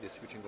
they're switching